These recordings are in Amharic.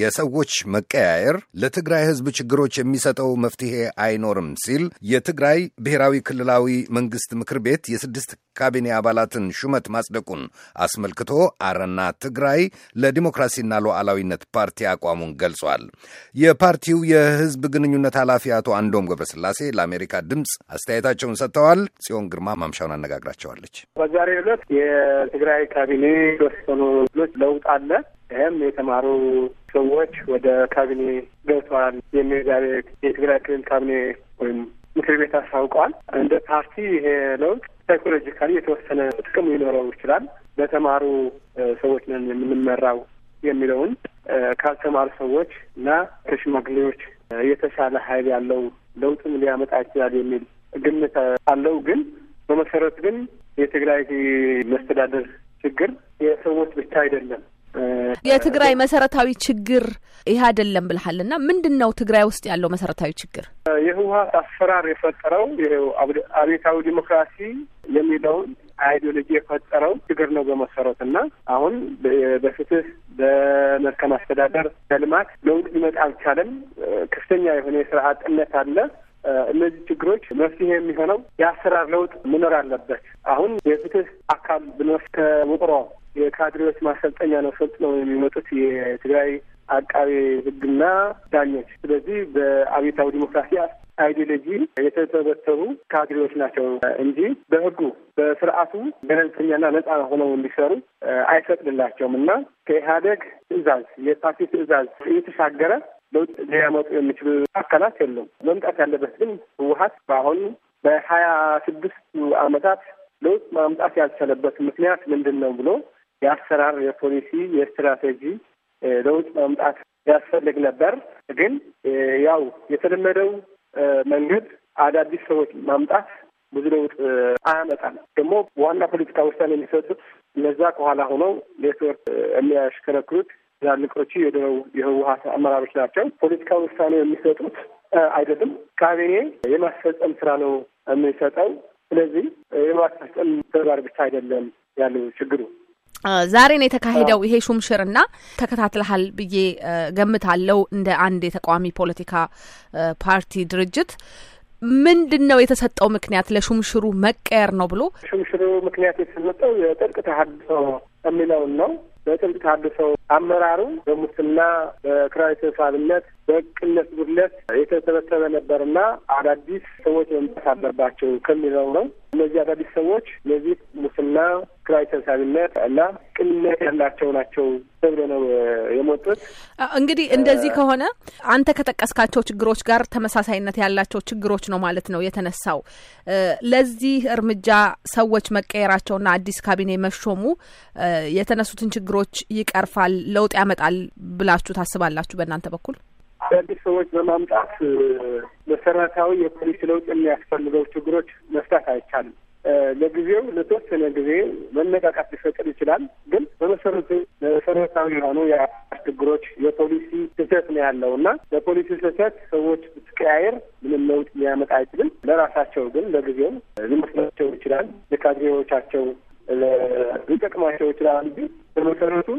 የሰዎች መቀያየር ለትግራይ ሕዝብ ችግሮች የሚሰጠው መፍትሄ አይኖርም ሲል የትግራይ ብሔራዊ ክልላዊ መንግሥት ምክር ቤት የስድስት ካቢኔ አባላትን ሹመት ማጽደቁን አስመልክቶ አረና ትግራይ ለዲሞክራሲና ሉዓላዊነት ፓርቲ አቋሙን ገልጿል። የፓርቲው የህዝብ ግንኙነት ኃላፊ አቶ አንዶም ገብረስላሴ ለአሜሪካ ድምፅ አስተያየታቸውን ሰጥተዋል። ጽዮን ግርማ ማምሻውን አነጋግራቸዋለች። በዛሬ ዕለት የትግራይ ካቢኔ የተወሰኑ ለውጥ አለ። ይህም የተማሩ ሰዎች ወደ ካቢኔ ገብተዋል የሚል ዛሬ የትግራይ ክልል ካቢኔ ወይም ምክር ቤት አስታውቋል። እንደ ፓርቲ ይሄ ለውጥ ሳይኮሎጂካሊ የተወሰነ ጥቅም ሊኖረው ይችላል። በተማሩ ሰዎች ነን የምንመራው የሚለውን ካልተማሩ ሰዎች እና ከሽማግሌዎች የተሻለ ኃይል ያለው ለውጥም ሊያመጣ ይችላል የሚል ግምት አለው። ግን በመሰረት ግን የትግራይ መስተዳደር ችግር የሰዎች ብቻ አይደለም። የትግራይ መሰረታዊ ችግር ይህ አይደለም ብልሃል እና ምንድን ነው ትግራይ ውስጥ ያለው መሰረታዊ ችግር? የህወሀት አሰራር የፈጠረው አቤታዊ ዲሞክራሲ የሚለውን አይዲዮሎጂ የፈጠረው ችግር ነው በመሰረት እና አሁን በፍትህ በመልካም አስተዳደር በልማት ለውጥ ሊመጣ አልቻለም። ከፍተኛ የሆነ የስራ አጥነት አለ። እነዚህ ችግሮች መፍትሄ የሚሆነው የአሰራር ለውጥ መኖር አለበት። አሁን የፍትህ አካል ብንወስድ ከውቅሮ የካድሬዎች ማሰልጠኛ ነው ሰልጥነው የሚመጡት የትግራይ አቃቤ ሕግና ዳኞች። ስለዚህ በአብዮታዊ ዲሞክራሲ አይዲዮሎጂ የተተበተሩ ካድሬዎች ናቸው እንጂ በህጉ በስርዓቱ ገለልተኛና ነጻ ሆነው እንዲሰሩ አይፈቅድላቸውም እና ከኢህአደግ ትዕዛዝ የፓርቲ ትዕዛዝ የተሻገረ ለውጥ ሊያመጡ የሚችሉ አካላት የለም። መምጣት ያለበት ግን ህወሀት በአሁኑ በሀያ ስድስቱ አመታት ለውጥ ማምጣት ያልቻለበት ምክንያት ምንድን ነው ብሎ የአሰራር የፖሊሲ የስትራቴጂ ለውጥ ማምጣት ያስፈልግ ነበር። ግን ያው የተለመደው መንገድ አዳዲስ ሰዎች ማምጣት ብዙ ለውጥ አያመጣም። ደግሞ ዋና ፖለቲካ ውሳኔ የሚሰጡት እነዛ ከኋላ ሆነው ኔትወርክ የሚያሽከረክሩት ትላልቆቹ የድሮው የህወሀት አመራሮች ናቸው። ፖለቲካ ውሳኔ የሚሰጡት አይደለም፣ ካቢኔ የማስፈጸም ስራ ነው የሚሰጠው። ስለዚህ የማስፈጸም ተግባር ብቻ አይደለም ያለው ችግሩ። ዛሬ ነው የተካሄደው ይሄ ሹምሽርና ተከታትለሃል ብዬ ገምታለው። እንደ አንድ የተቃዋሚ ፖለቲካ ፓርቲ ድርጅት ምንድን ነው የተሰጠው ምክንያት ለሹምሽሩ መቀየር ነው ብሎ? ሹምሽሩ ምክንያት የተሰጠው የጥልቅ ተሀድሶ የሚለውን ነው። በጥልቅ ተሀድሶ አመራሩ በሙስና በኪራይ ሰብሳቢነት በቅነት ጉድለት የተሰበሰበ ነበርና አዳዲስ ሰዎች መምጣት አለባቸው ከሚለው ነው። እነዚህ አዳዲስ ሰዎች እነዚህ ሙስና ክራይ ሰብሳቢነት እና ቅንነት ያላቸው ናቸው ተብሎ ነው የመጡት። እንግዲህ እንደዚህ ከሆነ አንተ ከጠቀስካቸው ችግሮች ጋር ተመሳሳይነት ያላቸው ችግሮች ነው ማለት ነው የተነሳው። ለዚህ እርምጃ ሰዎች መቀየራቸውና አዲስ ካቢኔ መሾሙ የተነሱትን ችግሮች ይቀርፋል፣ ለውጥ ያመጣል ብላችሁ ታስባላችሁ? በእናንተ በኩል አዳዲስ ሰዎች በማምጣት መሰረታዊ የፖሊሲ ለውጥ የሚያስፈልገው ችግሮች መፍታት አይቻልም። ለጊዜው ለተወሰነ ጊዜ መነቃቃት ሊፈቅድ ይችላል። ግን በመሰረቱ መሰረታዊ የሆኑ የአሰራር ችግሮች የፖሊሲ ስህተት ነው ያለው እና ለፖሊሲ ስህተት ሰዎች ብትቀያየር ምንም ለውጥ ሊያመጣ አይችልም። ለራሳቸው ግን ለጊዜው ሊመስላቸው ይችላል፣ ለካድሬዎቻቸው ሊጠቅማቸው ይችላል እንጂ በመሰረቱ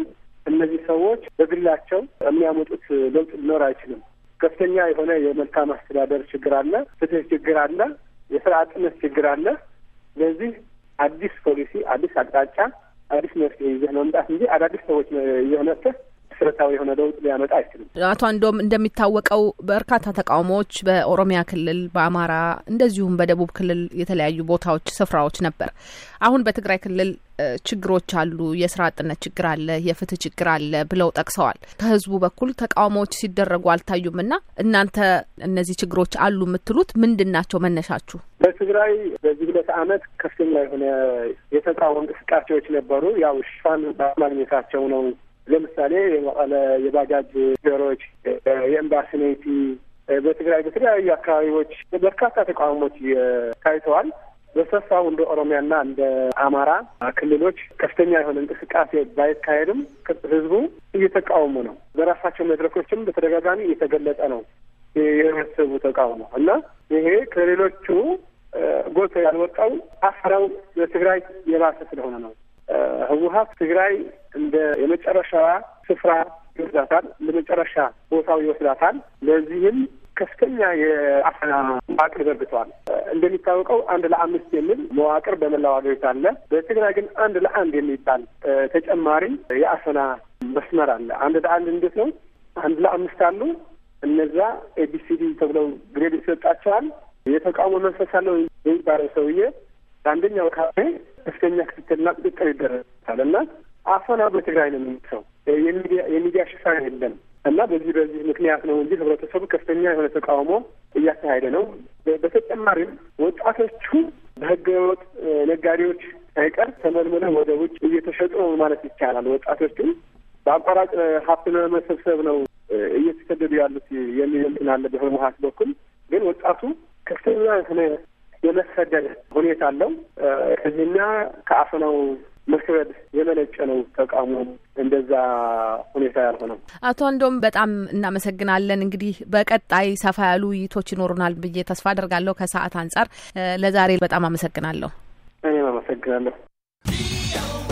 እነዚህ ሰዎች በግላቸው የሚያመጡት ለውጥ ሊኖር አይችልም። ከፍተኛ የሆነ የመልካም አስተዳደር ችግር አለ፣ ፍትህ ችግር አለ፣ የስራ አጥነት ችግር አለ። ስለዚህ አዲስ ፖሊሲ፣ አዲስ አቅጣጫ፣ አዲስ መፍትሄ ይዘህ መምጣት እንጂ አዳዲስ ሰዎች ይዘህ መጥተህ መሰረታዊ የሆነ ለውጥ ሊያመጣ አይችልም። አቶ አንዶም እንደሚታወቀው በርካታ ተቃውሞዎች በኦሮሚያ ክልል፣ በአማራ እንደዚሁም በደቡብ ክልል የተለያዩ ቦታዎች ስፍራዎች ነበር። አሁን በትግራይ ክልል ችግሮች አሉ፣ የስራ አጥነት ችግር አለ፣ የፍትህ ችግር አለ ብለው ጠቅሰዋል። ከህዝቡ በኩል ተቃውሞዎች ሲደረጉ አልታዩም እና እናንተ እነዚህ ችግሮች አሉ የምትሉት ምንድን ናቸው መነሻችሁ? በትግራይ በዚህ ሁለት አመት ከፍተኛ የሆነ የተቃውሞ እንቅስቃሴዎች ነበሩ። ያው ሽፋን ማግኘታቸው ነው ለምሳሌ የመቀለ የባጃጅ ፌሮች፣ የኤምባሲኔቲ በትግራይ በተለያዩ አካባቢዎች በርካታ ተቃውሞች ታይተዋል። በሰፋው እንደ ኦሮሚያና እንደ አማራ ክልሎች ከፍተኛ የሆነ እንቅስቃሴ ባይካሄድም ህዝቡ እየተቃወሙ ነው። በራሳቸው መድረኮችም በተደጋጋሚ እየተገለጸ ነው የህብረተሰቡ ተቃውሞ እና ይሄ ከሌሎቹ ጎልቶ ያልወጣው አፈራው በትግራይ የባሰ ስለሆነ ነው። ህወሀት ትግራይ እንደ የመጨረሻ ስፍራ ይወስዳታል፣ ለመጨረሻ ቦታው ይወስዳታል። ለዚህም ከፍተኛ የአፈና መዋቅር ዘርግተዋል። እንደሚታወቀው አንድ ለአምስት የሚል መዋቅር በመላው ሀገሪቱ አለ። በትግራይ ግን አንድ ለአንድ የሚባል ተጨማሪ የአፈና መስመር አለ። አንድ ለአንድ እንዴት ነው? አንድ ለአምስት አሉ። እነዛ ኤቢሲዲ ተብለው ግሬድ ይሰጣቸዋል። የተቃውሞ መንፈስ አለው የሚባለው ሰውዬ ለአንደኛው ካፌ ከፍተኛ ክትትልና ቁጥጥር ይደረጋል እና አፈናው በትግራይ ነው የሚሰው የሚዲያ ሽፋን የለም እና በዚህ በዚህ ምክንያት ነው እንጂ ህብረተሰቡ ከፍተኛ የሆነ ተቃውሞ እያካሄደ ነው። በተጨማሪም ወጣቶቹ በህገወጥ ነጋዴዎች ሳይቀር ተመልምለው ወደ ውጭ እየተሸጡ ነው ማለት ይቻላል። ወጣቶቹ በአቋራጭ ሀብት ለመሰብሰብ ነው እየተሰደዱ ያሉት የሚል እንትን አለ በህወሀት በኩል ግን ወጣቱ ከፍተኛ የሆነ የመሰደድ ሁኔታ አለው። ከዚህና ከአፈናው መክበድ የመነጨ ነው ተቃውሞ። እንደዛ ሁኔታ ያልሆነም አቶ አንዶም በጣም እናመሰግናለን። እንግዲህ በቀጣይ ሰፋ ያሉ ውይይቶች ይኖሩናል ብዬ ተስፋ አደርጋለሁ። ከሰዓት አንጻር ለዛሬ በጣም አመሰግናለሁ። እኔም አመሰግናለሁ።